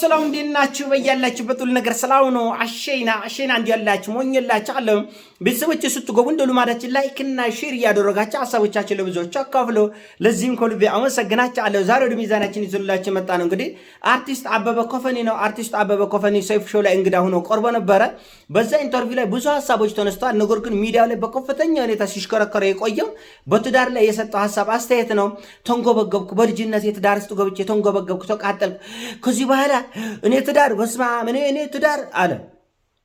ስላው እንዴት ናችሁ? በያላችሁበት ሁሉ ነገር ስላው ነው። አሸይና አሸይና እንዲያላችሁ ሞኝላችሁ አለ ቤተሰቦች ስትገቡ እንደ ልማዳችን እና ሼር እያደረጋችሁ ሀሳቦቻችን ለብዙዎች አካፍሎ ለዚህም ከልቤ አመሰግናችሁ አለ። ዛሬ ወደ ሚዛናችን ይዞላችሁ መጣ ነው። እንግዲህ አርቲስት አበበ ኮፈኔ ነው። አርቲስት አበበ ኮፈኔ ሰይፉ ሾው ላይ እንግዳ ሆኖ ቀርቦ ነበረ። በዛ ኢንተርቪው ላይ ብዙ ሀሳቦች ተነስተዋል። ነገር ግን ሚዲያ ላይ በከፍተኛ ሁኔታ ሲሽከረከረ የቆየው በትዳር ላይ የሰጠው ሀሳብ አስተያየት ነው። ተንጎበገብኩ፣ በልጅነት የትዳር ውስጥ ገብቼ ተንጎበገብኩ፣ ተቃጠልኩ ከዚህ በኋላ እኔ ትዳር በስማ እኔ እኔ ትዳር አለ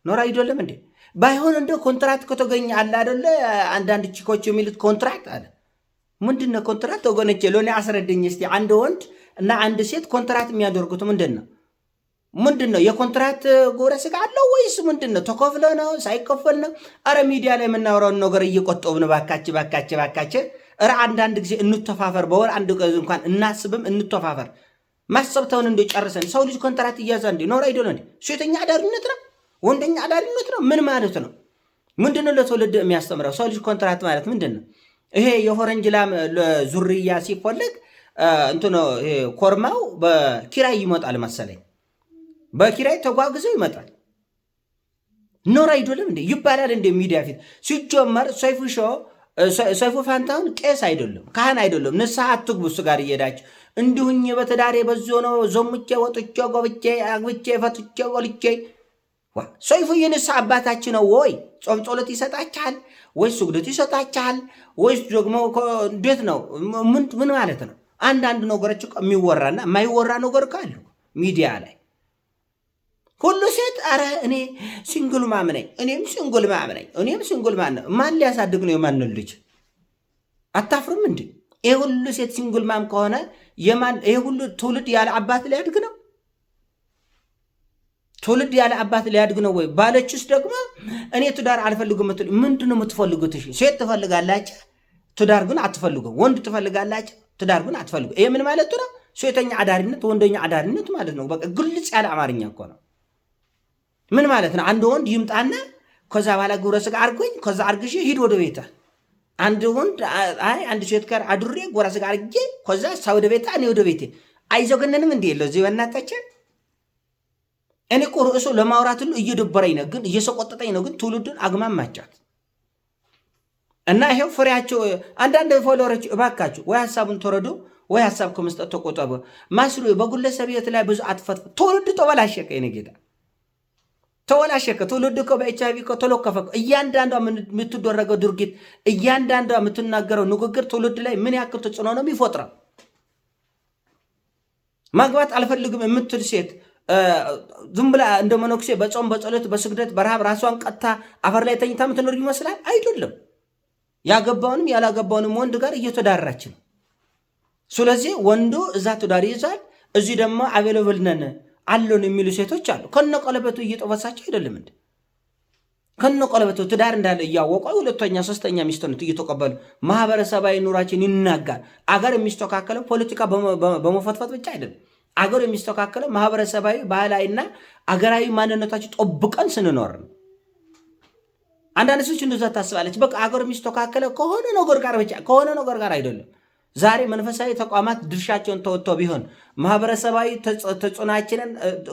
ኖር አይደለም እንዴ? ባይሆን እንደ ኮንትራክት ከተገኘ አለ አደለ? አንዳንድ ቺኮች የሚሉት ኮንትራክት አለ። ምንድን ነው ኮንትራት? ወገኖቼ ለሆነ አስረድኝ እስቲ። አንድ ወንድ እና አንድ ሴት ኮንትራክት የሚያደርጉት ምንድን ነው? ምንድን ነው የኮንትራክት ግብረ ሥጋ አለው ወይስ ምንድን ነው? ተከፍለ ነው ሳይከፈል ነው? አረ ሚዲያ ላይ የምናወራውን ነገር ነው። ባካች ባካች ባካች። ረ አንዳንድ ጊዜ እንተፋፈር፣ በወር አንድ እንኳን እናስብም፣ እንተፋፈር። ማሰብተውን እንደ ጨርሰን ሰው ልጅ ኮንትራት እያዛ እንደ ኖር አይደለ እንዲ ሴተኛ አዳሪነት ነው፣ ወንደኛ አዳሪነት ነው። ምን ማለት ነው? ነው ለትውልድ የሚያስተምረው? ሰው ልጅ ኮንትራት ማለት ምንድን ነው? ይሄ የፈረንጅ ላም ዙርያ ሲፈለግ እንትኖ ኮርማው በኪራይ ይመጣል መሰለኝ፣ በኪራይ ተጓጉዞ ይመጣል። ኖር አይደለም እንዴ ይባላል። እንደ ሚዲያ ፊት ሲጀመር ሰይፉ ሾ ሰይፉ ፋንታውን ቄስ አይደለም፣ ካህን አይደለም። ንስሐ አትግቡ እሱ ጋር እየሄዳችሁ እንዲሁኝ በትዳሬ በዞ ነው ዞምቼ ወጥቼ ጎብቼ አግብቼ ፈትቼ ጎልቼ። ሰይፉዬንስ አባታችን ነው ወይ ጾም ጸሎት ይሰጣችኋል ወይስ ስግደት ይሰጣችኋል ወይስ ደግሞ እንዴት ነው? ምን ማለት ነው? አንዳንድ ነገሮች የሚወራና የማይወራ ነገር ካሉ ሚዲያ ላይ ሁሉ ሴት አረ እኔ ሲንግል ማም ነኝ፣ እኔም ሲንግል ማም ነኝ፣ እኔም ሲንግል ማም ነኝ። ማን ሊያሳድግ ነው የማንን ልጅ? አታፍርም እንዴ? ይሄ ሁሉ ሴት ሲንጉል ማም ከሆነ ይሄ ሁሉ ትውልድ ያለ አባት ሊያድግ ነው? ትውልድ ያለ አባት ሊያድግ ነው ወይ? ባለችስ ደግሞ እኔ ትዳር አልፈልግም ምትል ምንድን ነው የምትፈልጉት? ሴት ትፈልጋላችሁ፣ ትዳር ግን አትፈልጉም። ወንድ ትፈልጋላችሁ፣ ትዳር ግን አትፈልጉም። ይሄ ምን ማለት ነው? ሴተኛ አዳሪነት፣ ወንደኛ አዳሪነት ማለት ነው። በቃ ግልጽ ያለ አማርኛ እኮ ነው። ምን ማለት ነው? አንድ ወንድ ይምጣና ከዛ በኋላ ግብረ ስጋ አርጎኝ ከዛ አርግሽ ሂድ ወደ ቤተ አንድ ወንድ አይ አንድ ሴት ጋር አድሬ ጎራስ ጋር አድርጌ ከዛ እሷ ወደ ቤታ እኔ ወደ ቤቴ አይዘገነንም እንዴ? የለው እዚህ በእናታችን እኔ እኮ ርዕሱ ለማውራት ሁሉ እየደበረኝ ነው፣ ግን እየሰቆጠጠኝ ነው፣ ግን ትውልዱን አግማማቻት እና ይሄው ፍሬያቸው። አንዳንድ ፎሎወሮች እባካችሁ ወይ ሀሳቡን ተረዱ፣ ወይ ሀሳብ ከመስጠት ተቆጠበ። ማስሩ በግለሰብ ሕይወት ላይ ብዙ አትፈት። ትውልዱ ተበላሸቀ ነው ጌታ ተወላሸከ። ትውልድ እኮ በኤች አይቪ እኮ እያንዳንዷ የምትደረገው ድርጊት፣ እያንዳንዷ የምትናገረው ንግግር ትውልድ ላይ ምን ያክል ተጽዕኖ ነው የሚፈጥረው? ማግባት አልፈልግም የምትል ሴት ዝም ብላ እንደ መነኩሴ በጾም በጸሎት በስግደት በረሃብ ራሷን ቀጥታ አፈር ላይ ተኝታ የምትኖር ይመስላል? አይደለም። ያገባውንም ያላገባውንም ወንድ ጋር እየተዳራችን። ስለዚህ ወንዱ እዛ ትዳር ይዛል፣ እዚህ ደግሞ አቬለብል ነን አለን የሚሉ ሴቶች አሉ። ከነ ቀለበቱ እየጠበሳቸው አይደለም እንዴ? ከነ ቀለበቱ ትዳር እንዳለ እያወቀ ሁለተኛ ሶስተኛ ሚስትነት እየተቀበሉ ማህበረሰባዊ ኑራችን ይናጋል። አገር የሚስተካከለው ፖለቲካ በመፈትፈት ብቻ አይደለም። አገር የሚስተካከለው ማህበረሰባዊ ባህላዊና አገራዊ ማንነታችን ጠብቀን ስንኖር ነው። አንዳንድ ሰዎች እንደዛ ታስባለች። በቃ አገር የሚስተካከለ ከሆነ ነገር ጋር ብቻ ከሆነ ነገር ጋር አይደለም ዛሬ መንፈሳዊ ተቋማት ድርሻቸውን ተወቶ ቢሆን ማህበረሰባዊ ተጽዕኖአችንን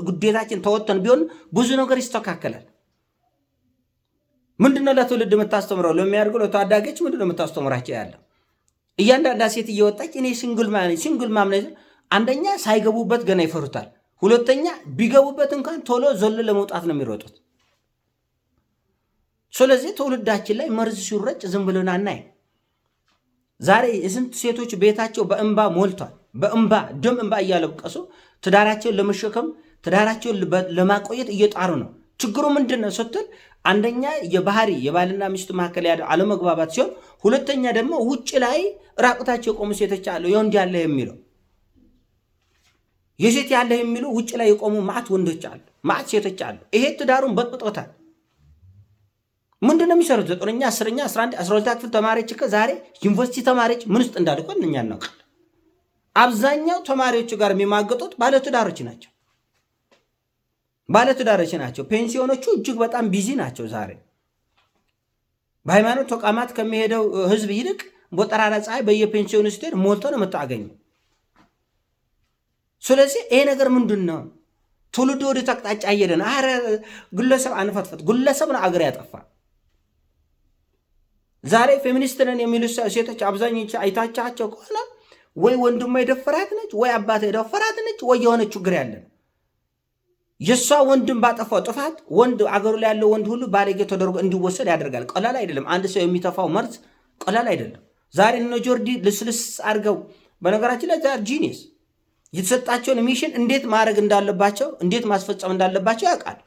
ግዴታችን ተወጥተን ቢሆን ብዙ ነገር ይስተካከላል። ምንድነው ለትውልድ የምታስተምረው? ለሚያደርጉ ለታዳጊዎች ምንድነው የምታስተምራቸው? ያለ እያንዳንዳ ሴት እየወጣች እኔ ሲንግል ሲንግል ማምነ አንደኛ ሳይገቡበት ገና ይፈሩታል። ሁለተኛ ቢገቡበት እንኳን ቶሎ ዘሎ ለመውጣት ነው የሚሮጡት። ስለዚህ ትውልዳችን ላይ መርዝ ሲረጭ ዝም ብለን አናይ። ዛሬ የስንት ሴቶች ቤታቸው በእንባ ሞልቷል። በእንባ ደም እንባ እያለቀሱ ትዳራቸውን ለመሸከም ትዳራቸውን ለማቆየት እየጣሩ ነው። ችግሩ ምንድን ነው ስትል፣ አንደኛ የባህሪ የባልና ሚስቱ መካከል ያለው አለመግባባት ሲሆን፣ ሁለተኛ ደግሞ ውጭ ላይ ራቁታቸው የቆሙ ሴቶች አለ የወንድ ያለ የሚለው የሴት ያለ የሚሉ ውጭ ላይ የቆሙ ማዕት ወንዶች አሉ፣ ማዕት ሴቶች አሉ። ይሄ ትዳሩን በጥብጦታል። ምንድን ነው የሚሰሩት? ዘጠነኛ አስረኛ አስራ አንድ አስራ ሁለተኛ ክፍል ተማሪዎች እኮ ዛሬ ዩኒቨርሲቲ ተማሪዎች ምን ውስጥ እንዳልኩ እኛ እናውቃለን። አብዛኛው ተማሪዎቹ ጋር የሚማገጡት ባለትዳሮች ናቸው። ባለትዳሮች ናቸው። ፔንሲዮኖቹ እጅግ በጣም ቢዚ ናቸው። ዛሬ በሃይማኖት ተቋማት ከሚሄደው ህዝብ ይልቅ በጠራራ ፀሐይ በየፔንሲዮኑ ስትሄድ ሞልቶ ነው የምታገኘው። ስለዚህ ይሄ ነገር ምንድን ነው? ትውልድ ወደ አቅጣጫ እየሄደ ነው። ግለሰብ አንፈትፈት፣ ግለሰብ ነው አገር ያጠፋ ዛሬ ፌሚኒስት ነን የሚሉ ሴቶች አብዛኞቹ አይታቻቸው ከሆነ ወይ ወንድሟ የደፈራት ነች፣ ወይ አባት የደፈራት ነች፣ ወይ የሆነ ችግር ያለ ነው። የእሷ ወንድም ባጠፋው ጥፋት ወንድ አገሩ ላይ ያለው ወንድ ሁሉ ባለጌ ተደርጎ እንዲወሰድ ያደርጋል። ቀላል አይደለም። አንድ ሰው የሚተፋው መርዝ ቀላል አይደለም። ዛሬ እነ ጆርዲ ልስልስ አድርገው በነገራችን ላይ ዛር ጂኒየስ የተሰጣቸውን ሚሽን እንዴት ማድረግ እንዳለባቸው እንዴት ማስፈጸም እንዳለባቸው ያውቃል።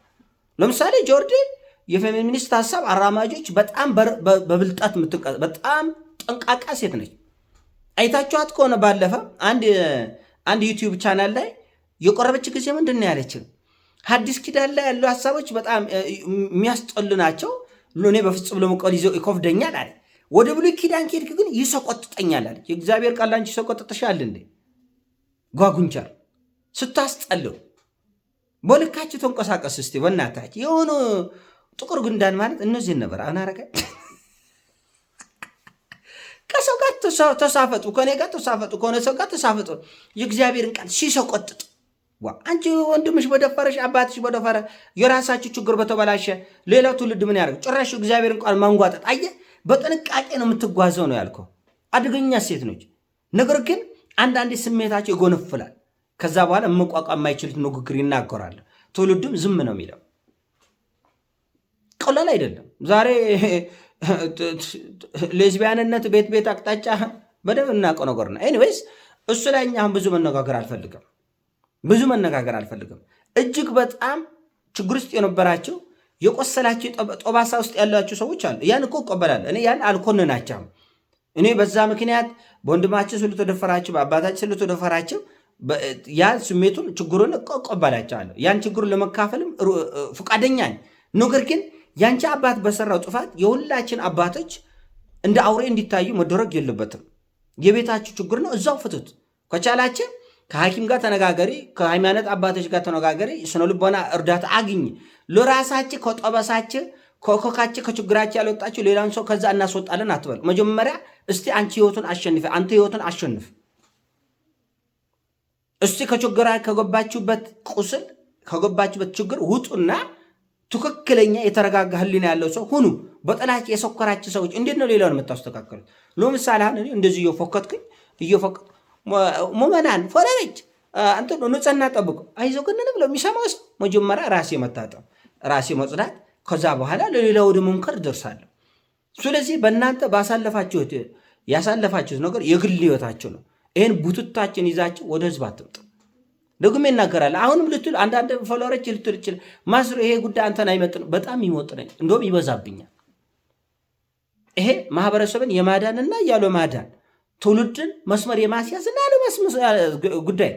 ለምሳሌ ጆርዲ የፌሚኒስት ሀሳብ አራማጆች በጣም በብልጣት የምትንቀሳቀስ በጣም ጠንቃቃ ሴት ነች። አይታችኋት ከሆነ ባለፈ አንድ ዩቲዩብ ቻናል ላይ የቆረበች ጊዜ ምንድን ነው ያለችው? ሐዲስ ኪዳን ላይ ያሉ ሀሳቦች በጣም የሚያስጠሉ ናቸው፣ እኔ በፍጹም ለመቀበል ይከብደኛል አለ። ወደ ብሉይ ኪዳን ከሄድክ ግን ይሰቆጥጠኛል አለች። የእግዚአብሔር ቃል አንቺ ይሰቆጥጥሻል እንዴ? ጓጉንቸር ስታስጠለው በልካችሁ ተንቀሳቀስ እስቲ በእናታች የሆኑ ጥቁር ጉንዳን ማለት እነዚህን ነበር። አሁን አረገ ከሰው ጋር ተሳፈጡ፣ ከኔ ጋር ተሳፈጡ፣ ከሆነ ሰው ጋር ተሳፈጡ። የእግዚአብሔርን ቃል ሲሰቆጥጥ አንቺ ወንድምሽ በደፈረሽ አባትሽ በደፈረ የራሳችሁ ችግር በተበላሸ ሌላው ትውልድ ምን ያደርግ? ጭራሽ እግዚአብሔርን ቃል ማንጓጠጥ። አየ በጥንቃቄ ነው የምትጓዘው ነው ያልከው። አደገኛ ሴት ነች። ነገር ግን አንዳንዴ ስሜታቸው ይጎነፍላል። ከዛ በኋላ መቋቋም የማይችሉት ንግግር ይናገራሉ። ትውልድም ዝም ነው የሚለው። ቀላል አይደለም። ዛሬ ሌዝቢያንነት ቤት ቤት አቅጣጫ በደንብ እናውቀው ነገር ነው። ኤኒዌይስ እሱ ላይ እኛ አሁን ብዙ መነጋገር አልፈልግም፣ ብዙ መነጋገር አልፈልግም። እጅግ በጣም ችግር ውስጥ የነበራቸው የቆሰላቸው ጦባሳ ውስጥ ያላቸው ሰዎች አሉ። ያን እኮ እቀበላለሁ እኔ ያን አልኮንናቸውም። እኔ በዛ ምክንያት በወንድማችን ስለተደፈራቸው በአባታችን ስለተደፈራቸው ያን ስሜቱን ችግሩን እቀበላቸዋለሁ። ያን ችግሩን ለመካፈልም ፈቃደኛ ነኝ። ነገር ግን ያንቺ አባት በሰራው ጥፋት የሁላችን አባቶች እንደ አውሬ እንዲታዩ መደረግ የለበትም። የቤታችሁ ችግር ነው፣ እዛው ፍቱት። ከቻላችን ከሐኪም ጋር ተነጋገሪ፣ ከሃይማኖት አባቶች ጋር ተነጋገሪ፣ ስነልቦና እርዳታ አግኝ። ለራሳችን ከጠበሳች ከኮካች ከችግራች ያልወጣችሁ ሌላን ሰው ከዛ እናስወጣለን አትበል። መጀመሪያ እስቲ አንቺ ህይወቱን አሸንፈ አንተ ህይወቱን አሸንፍ። እስቲ ከችግራ ከገባችሁበት ቁስል ከገባችሁበት ችግር ውጡና ትክክለኛ የተረጋጋ ህሊና ያለው ሰው ሁኑ። በጥላቻ የሰኮራቸው ሰዎች እንዴት ነው ሌላውን የምታስተካከሉት? ለምሳሌ አሁን እንደዚህ እየፎከትኩኝ እየፎከት ሙመናን ፈረረች አንተ ንጽህና ጠብቁ አይዞህ ግን ብለው የሚሰማው ሰው መጀመሪያ ራሴ መታጠብ፣ ራሴ መጽዳት፣ ከዛ በኋላ ለሌላው ወደ መምከር ደርሳለሁ። ስለዚህ በእናንተ ባሳለፋችሁት ያሳለፋችሁት ነገር የግል ህይወታቸው ነው። ይህን ቡትታችን ይዛቸው ወደ ህዝብ አትምጥ። ደግሞ ይናገራል። አሁንም ልትል አንዳንድ ፎሎወሮች ልትል ይችላል። ማስሩ ይሄ ጉዳይ አንተን አይመጥንም። በጣም ይሞጥነኝ፣ እንደውም ይበዛብኛል። ይሄ ማህበረሰብን የማዳንና ያለ ማዳን ትውልድን መስመር የማስያዝ እና ያለ ጉዳይ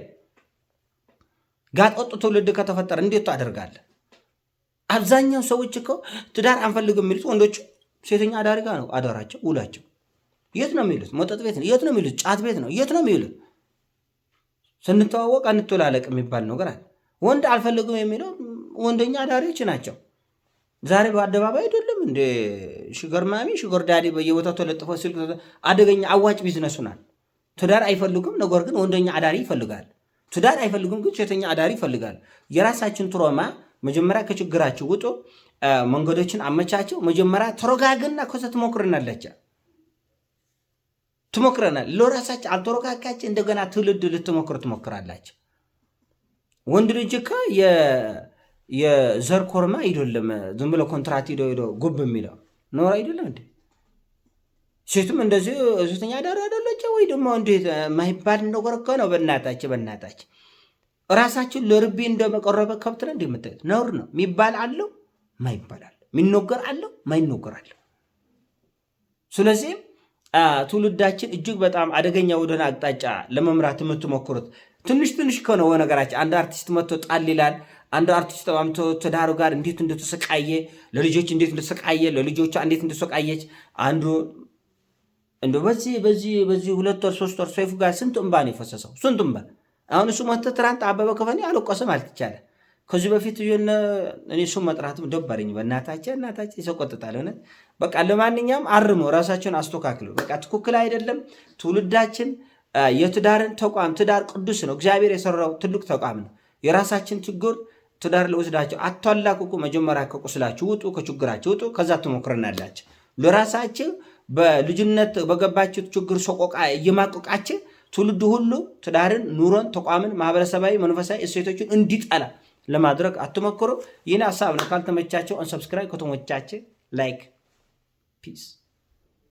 ጋጥ ትውልድ ከተፈጠረ እንዴት ታደርጋለህ? አብዛኛው ሰዎች እኮ ትዳር አንፈልግም የሚሉት ወንዶቹ ሴተኛ አዳሪ ጋ ነው አዳራቸው፣ ውላቸው። የት ነው የሚሉት? መጠጥ ቤት ነው። የት ነው የሚሉት? ጫት ቤት ነው። የት ነው የሚሉት? ስንተዋወቅ አንተላለቅ የሚባል ነገር አለ። ወንድ አልፈልግም የሚለው ወንደኛ አዳሪዎች ናቸው። ዛሬ በአደባባይ አይደለም እንደ ሽገር ማሚ ሽገር ዳዲ በየቦታው ተለጥፎ ስልክ አደገኛ አዋጭ ቢዝነስ ናል። ትዳር አይፈልጉም፣ ነገር ግን ወንደኛ አዳሪ ይፈልጋል። ትዳር አይፈልጉም፣ ግን ሴተኛ አዳሪ ይፈልጋል። የራሳችን ትሮማ መጀመሪያ ከችግራችሁ ውጡ፣ መንገዶችን አመቻቸው። መጀመሪያ ተረጋግና ከሰት እናለቻል ትሞክረናል። ለራሳቸው አልተረካካች እንደገና ትውልድ ልትሞክር ትሞክራላችሁ። ወንድ ልጅ እኮ የዘር ኮርማ አይደለም ዝም ብሎ ኮንትራት ሂዶ ሂዶ ጉብ የሚለው ኖር አይደለም እንዴ? ሴቱም እንደዚህ ሴተኛ አዳሪ አደለች ወይ ደሞ እንዴት ማይባል ነገር እኮ ነው። በእናታች በእናታች ራሳችን ለርቢ እንደመቀረበ ከብት ነው እንደ የምታዩት ነውር ነው። የሚባል አለው ማይባል አለው፣ የሚኖገር አለው ማይነገር አለው። ስለዚህም ትውልዳችን እጅግ በጣም አደገኛ ወደሆነ አቅጣጫ ለመምራት የምትሞክሩት ትንሽ ትንሽ ከሆነ ነገራችን አንድ አርቲስት መጥቶ ጣል ይላል። አንድ አርቲስት ተባምቶ ትዳሩ ጋር እንዴት እንደተሰቃየ ለልጆች እንዴት እንደተሰቃየ ለልጆቿ እንዴት እንደተሰቃየች አንዱ እንዶ በዚህ በዚህ በዚህ ሁለት ወር ሶስት ወር ሰይፉ ጋር ስንት እንባ ነው የፈሰሰው? ስንት እንባ አሁን እሱ መተ ትናንት አበበ ከፈኔ አለቆሰ ማለት ይቻላል። ከዚህ በፊት የሆነ እኔ እሱን መጥራትም ደበረኝ። በእናታቸው እናታቸው ይሰቆጥጣል። ሆነ በቃ ለማንኛውም አርመው ራሳቸውን አስተካክሉ። በቃ ትክክል አይደለም። ትውልዳችን የትዳርን ተቋም ትዳር ቅዱስ ነው፣ እግዚአብሔር የሰራው ትልቅ ተቋም ነው። የራሳችን ችግር ትዳር ለወስዳቸው አታላቅቁ። መጀመሪያ ከቁስላችሁ ውጡ፣ ከችግራችሁ ውጡ። ከዛ ትሞክረናላችሁ። ለራሳችሁ በልጅነት በገባችሁ ችግር ሰቆቃ እየማቀቃችሁ ትውልድ ሁሉ ትዳርን፣ ኑሮን፣ ተቋምን፣ ማህበረሰባዊ መንፈሳዊ እሴቶችን እንዲጠላ ለማድረግ አትሞክሩ። ይህን ሀሳብ ነው። ካልተመቻቸው አንሰብስክራይብ፣ ከተመቻቸ ላይክ። ፒስ